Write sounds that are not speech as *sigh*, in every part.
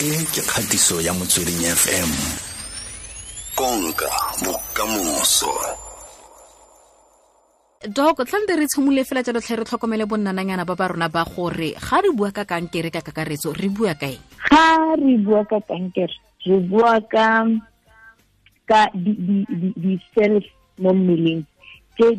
e ke kgatiso ya motsweding fm konka bokamoso dok tlhante re tshimolole fela jalo tlhe re tlhokomele bonnananyana ba ba rona ba gore ga re bua ka kankere ka kakaretso re bua ga re bua ka kankere re bua ka ka di-cells mo mmeleng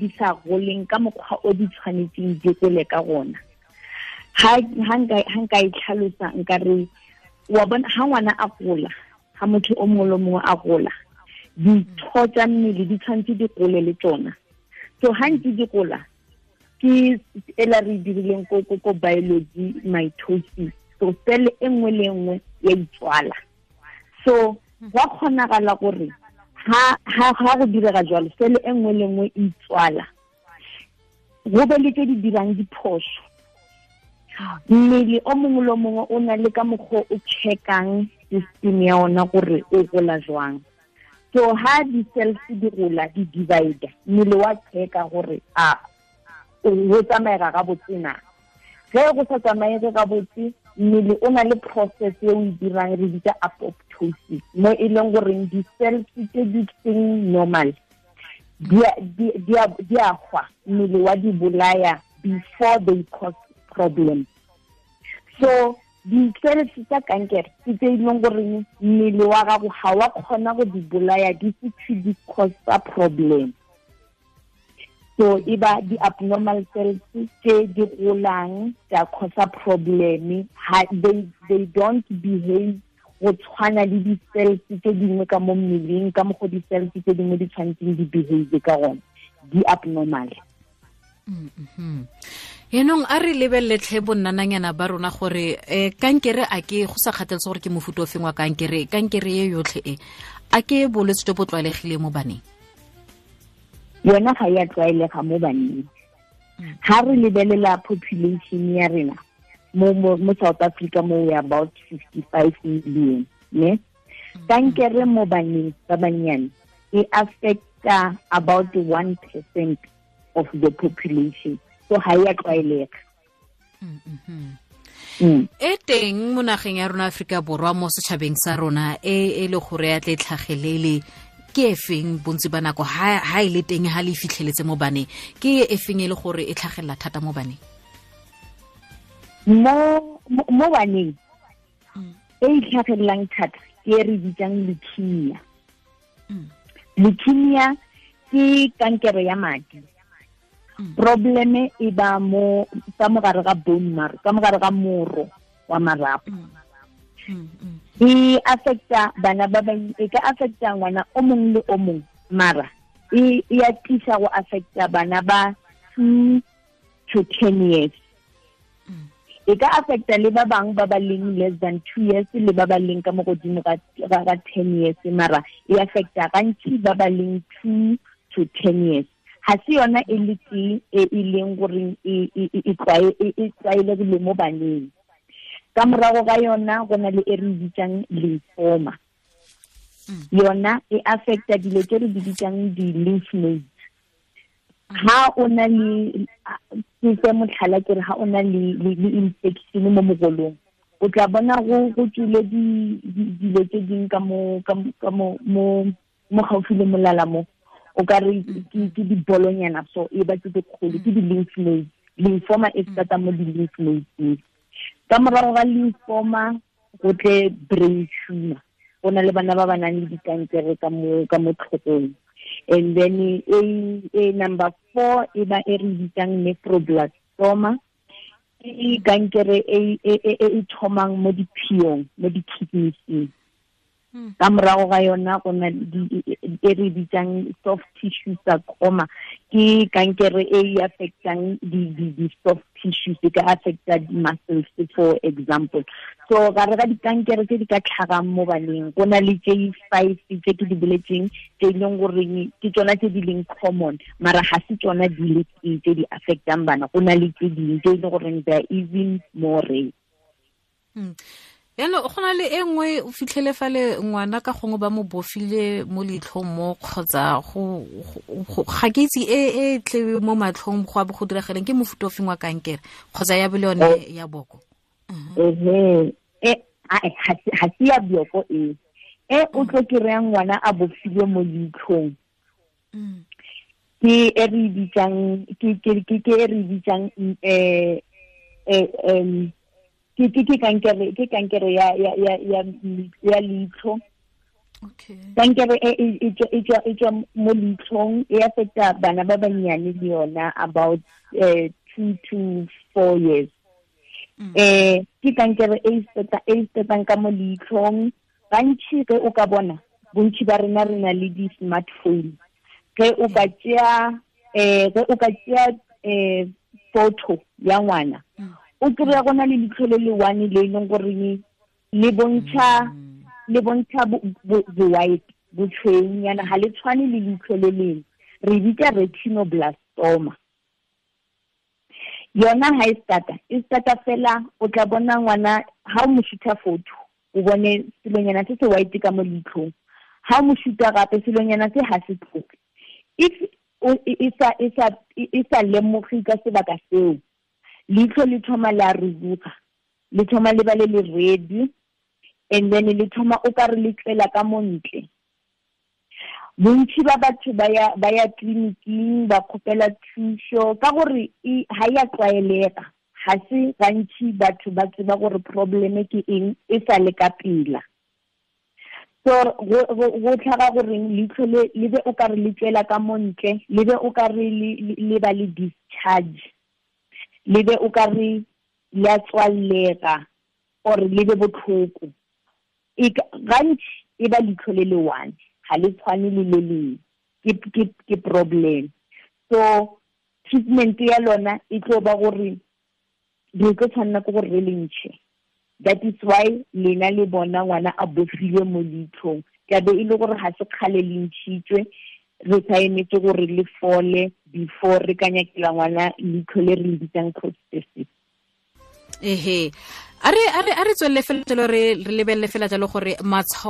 di sa goleng ka mokgwa o di tshwanetseng di gole ka nka e tlhalosa nka re wa bona ha ngwana a gola ha motho o mongwe le mongwe a gola ditho tsa le di tshwantse di gole le tsona so ha ntse di gola ke ela re dirileng ko ko biology mitosis so sele engwe le engwe ya itswala so wa kgonagala gore ha ha go direga jalo sele e le engwe e itswala go be le ke di dirang diphoso mmele o mongwe le mongwe o na le ka mokgwa o checkang system ya ona gore o gola jwang so ha di-cells di gola di divider mmele wa checka gore a o tsamaega ka na ge go sa tsamaege ka botse mmele o na le process e o e dirang re bitsa apoptosis mo e leng goreng di-cells tse di seng normal di a gwa mmele wa di bolaya before they cause problem so di-experience tsa kankere ke tse e leng goreng mmele wa gago ga wa kgona go di bolaya di setse di causa problem so e ba di-abnormal cells tse di golang tsa a problem they, they don't behave go tshwana le di-cells tse dingwe ka mo mmeleng ka di-cells tse dingwe di tshwanetseng di behave ka gone di abnormal mm -hmm. yanong a re lebeleletlhe bonnananyana ba rona gore um kankere a ke go sa kgatheletse gore ke mofuta o feng wa kankere kankere ye yotlhe e a ke bolwetse jo bo tlwaelegile mo baneng yona ga ya tlwaelega mo baneng ga hmm. re lebelela population ya rena mo, mo, mo south africa mo we about fifty five million ne hmm. kankere mo baneng ba banyane e affecta about one percent of the population so ha ya tlwaelega mm-hmm. mm. e teng mo nageng ya rona aforika borwa mo setšhabeng sa rona e e le gore ya tle e tlhagelele ke e feng bontsi ba nako ha e le teng ha le fitlheletse mo baneng ke e feng e le gore e tlhagelela thata mo baneng mo mo baneng mm. e e tlhagelelang thata ke e re bitsang leukemia mm. leukemia ke kankere ya madi Mm. probleme e ba mo ka mogare ga bone marrow ka mogare ga moro wa marapo mm. Mm, e affecta bana ba bang e ka affecta ngwana o mongwe le o mong mara e ya e tisa go affecta bana ba two to ten years e ka affecta le ba bangwe ba ba leng less than two years le ba ba leng ka mo godimo ka ten years mara e affecta gantsi ba ba leng two to ten years ga se yona e le tee e e leng gore e, e, e, e tlwaele tlwaelegile mo baneng ka morago ga yona go na le e re bitsang lymphoma mm. yona e affecta dilo tse re di bitsang di-lymph nodes ha o na le ke se motlhala kere ha o na le infection mo mogolong o tla bona go go tswile dilo tse dingwe ka mo gaufi le molala mo o ka re mm. ke dibolonyana so e ba tse kgolo ke mm. di-lymph nodes lymphoma e mm. tsata mo di-lymph nodes ka morago ga lymphoma go tle brain tumor go na le bana ba ba nang le dikankere ka motlhokong and then e, e number four e ba e re bitsang nephroblastoma ke kankere e, e, e thomang mo diphiong mo di-kidneysng ka morago ga yona go na e re bitsang soft tissue sa coma ke kankere e e affectang di-soft tissues e ka affecta muscles for example so ka re ga dikankere tse di ka tlhagang mo baneng go na le j five tse ke di boletseng tse e leng goreng ke tsona tse di leng common mara ga se tsona di le ke tse di affectang bana go na le tse dingwe tse e leng goreng they are even more rare yalo go na le e nngwe o fitlhele fale ngwana ka gongwe ba mo bofile mo leitlhong mo kgotsa ga ke itse e e tle mo matlhong go a bo go diragaleng ke mofuta o feng wa kankere kgotsa ya bo le yone eh. ya boko uh-huh. e, ga se ya boko e e o tlo kry-ang ngwana a bofilwe mo leitlhong mm. ke e re e bitsang ke e re e bitsang um ke ke kankere ke kankere ya ya ya ya ya litho okay kankere e e e e, e tswa mo litlong e feta bana ba banyane le yona about uh, two to four years mm. eh ke kankere e ta e ta ka mo ba ntshi ke o ka bona bontsi ba rena rena le di-smartphone ke o ka tsea eh ke o ka tsea eh photo ya ngwana mm. o kry-a go na le leitlho le le one le e leng goreng le bontsha mm. le bontsha bo-white botshweng yana ga le tshwane le leitlho le lengwe re bitsa retinoblastoma yona ha e starta e starta fela o tla bona ngwana ha o mo shoot-a photo o bone selonyana se se white ka mo leitlhong ha o mo shoot-a gape selonyana se ha se tloke if e, e sa e e, lemoge ka sebaka seo litlho le thoma la ruruga le thoma le ba le le ready and then le thoma o ka re le tlela ka montle bontsi ba batho ba ya tleliniking ba kgopela thuso ka gore ga e, ya tlwaelega ga se gantsi batho ba tseba gore probleme ke eng e sa le ka pela so go tlhaga goreng leitlho le be o ka re le tswela ka montle le be o ka re le ba le discharge Lebe o ka re ya tswallega or lebe botlhoko e gantsi e ba leitlho le le one ga le tshwane le le leng ke problem so treatment ya lona e tlo ba gore dilo tlo tshwanela ke gore re le ntšhe that is why lena le bona ngwana a bofiwe mo leitlhong tlabe e le gore ga se kgale le ntšhitswe re tshwanetse gore le fole before re ka nyakela ngwana leitlho le re bitsang prosthesis ehe a re tswelele fela jalo re lebelele fela jalo gore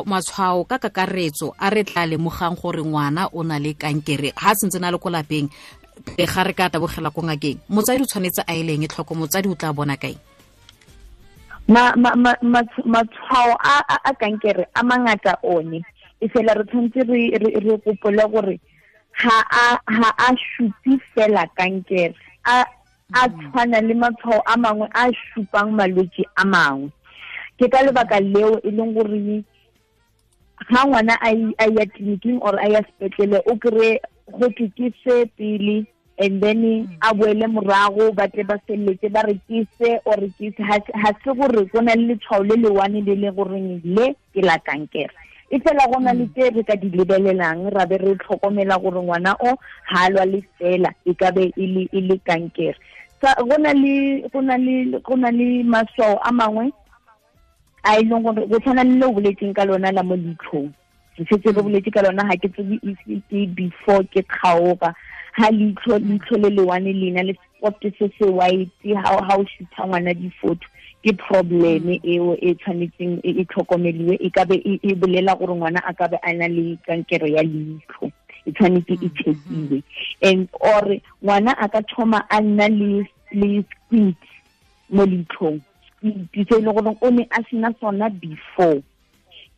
matshwao ka kakaretso a re tla lemogang gore ngwana o na le kankere ga sentse na le ko lapeng ga re ka tabogela ko ngakeng motsadi o tshwanetse a eleng e tlhoko motsadi o tla bona kaeng matshwao a kankere a mangata one e fela re tshwanetse re kopole gore ha a šupe fela kankere a mm. tshwana le matshwao a mangwe a šupang malwetse a mangwe ke ka lebaka leo e leng gore ha ngwana a ya clinic-ing or a ya sepetlele o kry gote ke se pele and then mm. a boele morago ba tle ba feleletse ba re ke se or ke se ha se gore go na le letshwao le le one le le goreng le ke la kankere e fela go na le mm. tse re ka di lebelelang ra be re tlhokomela gore ngwana o ha lwa le fela e ka be e le e kankere go na le maswao a mangwe a e leng gore go tshwana le le o boletseng ka lona la mo leitlhong ke setse re mm. boletse ka lona ga ke tsebe ke e, e before ke kgaoga ha leitlho leitlho le lewane leina le spot se se white ha o shootha ngwana di-photo ke probleme mm. eo e tshwanetseng e, e tlhokomeliwe e kabe e, e bolela gore ngwana a kabe a na le kankero ya leitlho e tshwanetse e mm-hmm. check-iwe and or ngwana a ka thoma a nna le squid mo leitlhong squid se e leng goreng o ne a sena sona before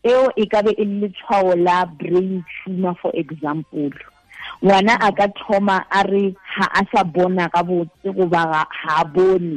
eo e kabe e le letshwao la brain tumor for example ngwana a ka thoma a re ga a sa bona ka botse goba ga a bone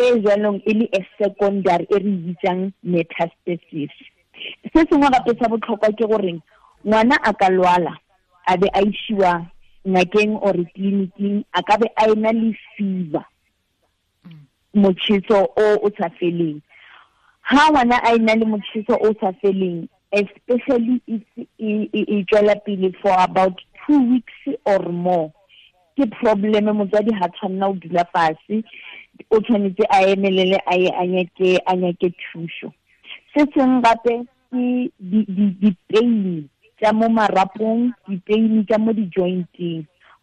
e jaanong e le a secondary e re bitsang metastasis se sengwe gape sa botlhokwa ke gore ngwana a ka lwala a be a isiwa ngakeng or tleliniking a ka be a ena le fever motšheso o o sa feleng ha ngwana a ena le motšheso o sa feleng especially e, e, e, e tswela pele for about two weeks or more ke probleme motswadi ha tshwanna o dula fase O chanite aye melele aye anyeke chousho. Se chan gaten ki di pey ni. Chamo marapon, di pey ni, chamo di jointi.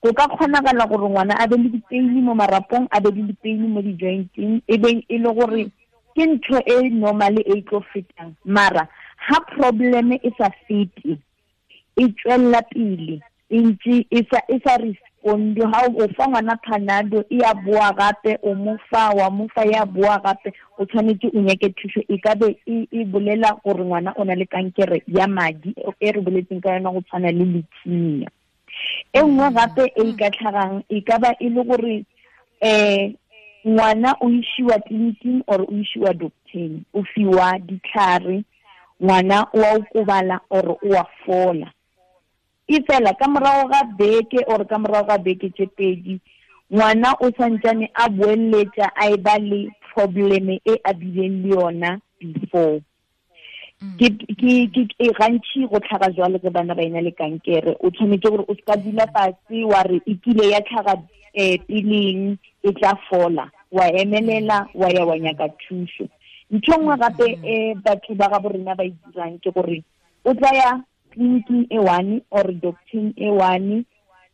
Koka kwanakalakoron wana, ade di pey ni marapon, ade di pey ni, di jointi. Eben ilogori, ken chwe e nomale e ikofiten mara. Ha probleme e sa fiti, e chwe lapili, e sa ris. o ndio ha o fa ngwana Panado e a boa gape o mo fa wa mo fa ya boa gape o tshwanetse o nyeke thuso e ka be e, e bolela gore ngwana o na le kankere ya madi e re boletseng ka yona go tshwana le leukemia e nngwe gape e e ka tlhagang e ka ba e le gore um ngwana o isiwa tleliniking or o isiwa docteng o fiwa ditlhare ngwana o a o kobala or o a fola e fela ka morago ga beke ore ka morago ga beke tse pedi ngwana o tshwantsane a boeletsa a e ba le probleme e a bileng le yona before mm. gantšhi go tlhaga jwalo ge bana ba e na le kankere o tshwanetse gore o seka dula fatshe wa re e kile ya tlhaga um peleng e tla fola wa emelela wa ya wa nyaka thuso ntho nngwe gape um batho ba ga borena ba e dirang ke gore o tlaya tleliniking e one or doctoring e one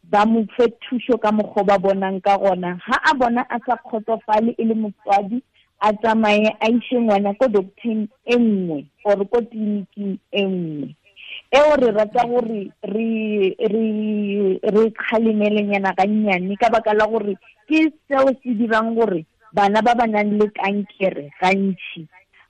ba mo fe thuso ka mokgwa ba bonang ka gona ga a bona a sa kgotsofale e le motswadi a tsamaye a ise ngwana ko doctoring e nngwe or ko tleliniking e nngwe eo re rata gore re kgalemelenyana ka nnyane ka baka la gore ke seo se dirang gore bana ba ba nang le kankere gantšhi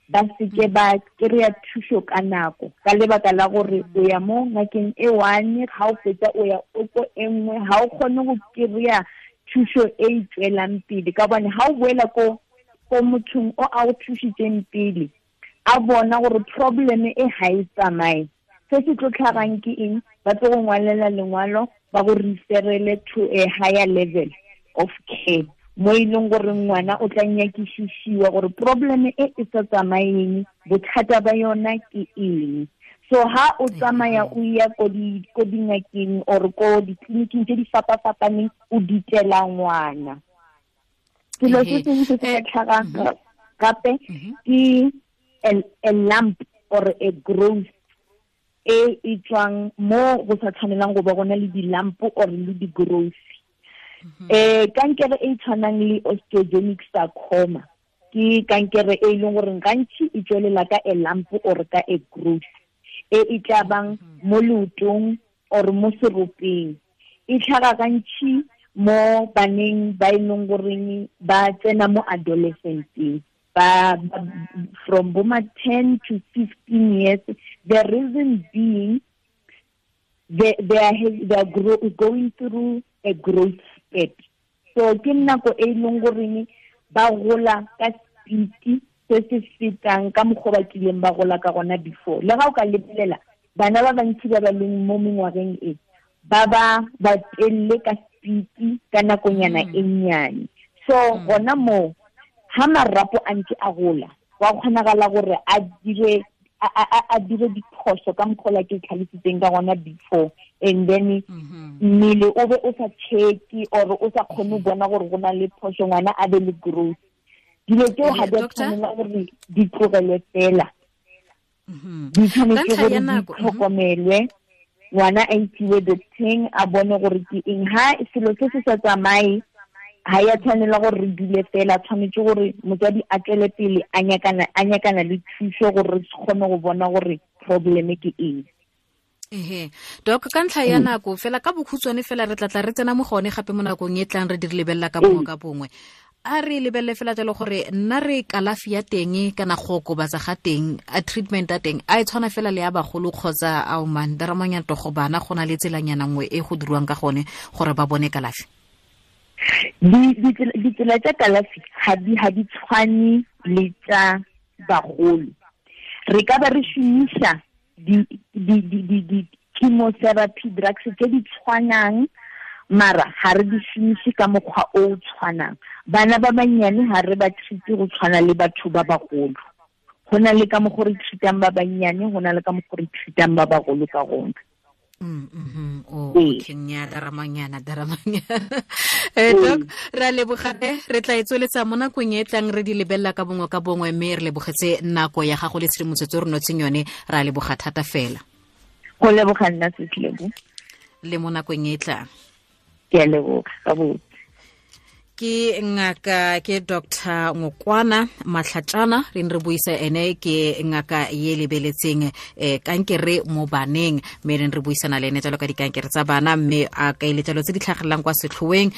ba seke ba kry-a thuso ka nako ka lebaka la gore o ya mo ngakeng e one ga o fetsa o ya oko e nngwe ga o kgone go kry-a thuso e e tswelang pele ka bone ga o boela ko ko mothong o a o thusitseng pele a bona gore problem e ga e tsamaye se se tlo tlhagang ke eng ba tlo go ngwalela lengwalo ba go referele to a higher level of care mo e leng gore ngwana o tla nyakisisiwa gore problem e e sa tsamaeng bothata ba yona ke eng so ha o tsamaya o ya ko dingakeng or ko ditleliniking tse di fapa-fapaneng o ditela ngwana selo se sengwe se se ka eh, tlhaga mm-hmm. gape mm-hmm. ke a lump or a growth e e tswang mo go sa tshwanelang go ba gona le di-lump or le di-growth Mm-hmm. eh kankere e tshwanang le osteogenic sarcoma ke kankere e leng gore gantsi e tswelela ka a lump or ka a growth e e tla bang mm-hmm. mo leotong or mo seropeng e tlhaga gantsi mo baneng ba e leng goreng ba tsena mo adolescenteng ba, ba from boma 10 to 15 years the reason being they, they are, they are grow, going through a growth market so ke nako e e leng goreng ba gola ka spiti se se fetang ka mokgwa ba kileng ba gola ka gona before le ga o ka lebelela bana ba bantsi ba ba leng mo mengwageng e ba ba batelele ka spiti ka nakonyana e mm. nnyane so mm. gona moo ga marapo a ntse a gola go a kgonagala gore a dire a dire diphoso ka mokgwa ke tlhalositseng ka gona before and then mm-hmm. mmele o be o sa check or o sa kgone bona gore go na le phoso ngwana a be le growth dilo tseo ga di a tshwanela gore di tlogele fela mm-hmm. di tshwanetse gore di mm-hmm. tlhokomelwe ngwana a itsiwe docteng a bone gore ke eng ha selo se se sa tsamaye ha ya tshwanela gore re dule fela tshwanetse gore motswadi a tswele pele a nyakana le thuso gore re kgone go bona gore probleme ke eng ehe dok ka ntlha ya mm. nako fela ka bokhutswane fela re tlatla re tsena mo gone gape mo nakong e tlang re di lebelela ka bongwe ka mm. bongwe a re e lebelele fela jalo gore nna re kalafi ya teng kana go okobatsa ga teng a treatment a teng a e tshwana fela le ya bagolo kgotsa aoman daramanyatogo bana go na le tselanyana nngwe e go diriwang ka gone gore ba bone kalafi ditsela tsa kalafi ga di tshwane le tsa bagolo re ka ba re shumisa di-chemotherapy drugs tse di tshwanang mara ga re di šomise ka mokgwa o o tshwanang bana ba bannyane ga re ba treat-e go tshwana le batho ba bagolo go na le ka mo gore treat-ang ba bannyane go na le ka mo gore treat-ang ba bagolo ka gona Mm mm-hmm. o oh, daramanyana daramanyana *laughs* eh dok ra lebogate re tla e tsweletsa mo nakong e tlang re di lebella ka bongwe ka bongwe mme re lebogetse nako ya gago le tshedimotsetso re notseng yone ra leboga thata fela go leboga nna setlebo le mo nakong e tlang ke a leboga ka bote ke ngaka ke dr ngokwana matlhatjana re re buisa ene ke ngaka ye lebeletseng eh, kankere mo baneng mme re re buisana le ene jalo ka dikankere tsa bana mme a ka tse di tlhagelelang kwa setlhoeng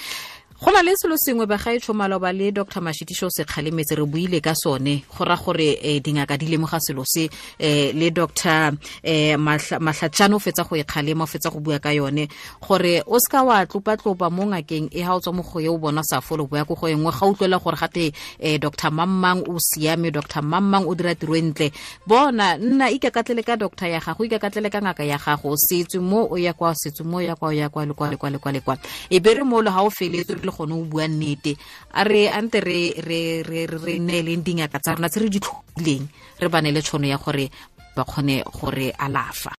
go na le selo sengwe bagaetsho maloba le dr mašitišo sekgalemetse re buile ka sone go ra gore um dingaka di lemoga selo se um le dr um eh, mahlatšane o fetsa go e kgalema o fetsa go bua ka yone gore o seka wa tlopatlopa mo ngakeng e ga o tswa mo go ye o bona sa folo boya ko go engwe ga utlwela gore gate um dr mammang o siame dr mammang o dira tiro e ntle bona nna ikakatlele ka doctor ya gago ikakatlele ka ngaka ya gago setswe mo o ya kwa setswe mo o ya kwa o ya kwa le kwa le kwa le kwa le kwa e be re moolo ga o feletse le gone o bua nnete a re ante re re re re neeleng dingaka tsa rona tse re di tlhophileng re bane le tshono ya gore ba kgone gore alafa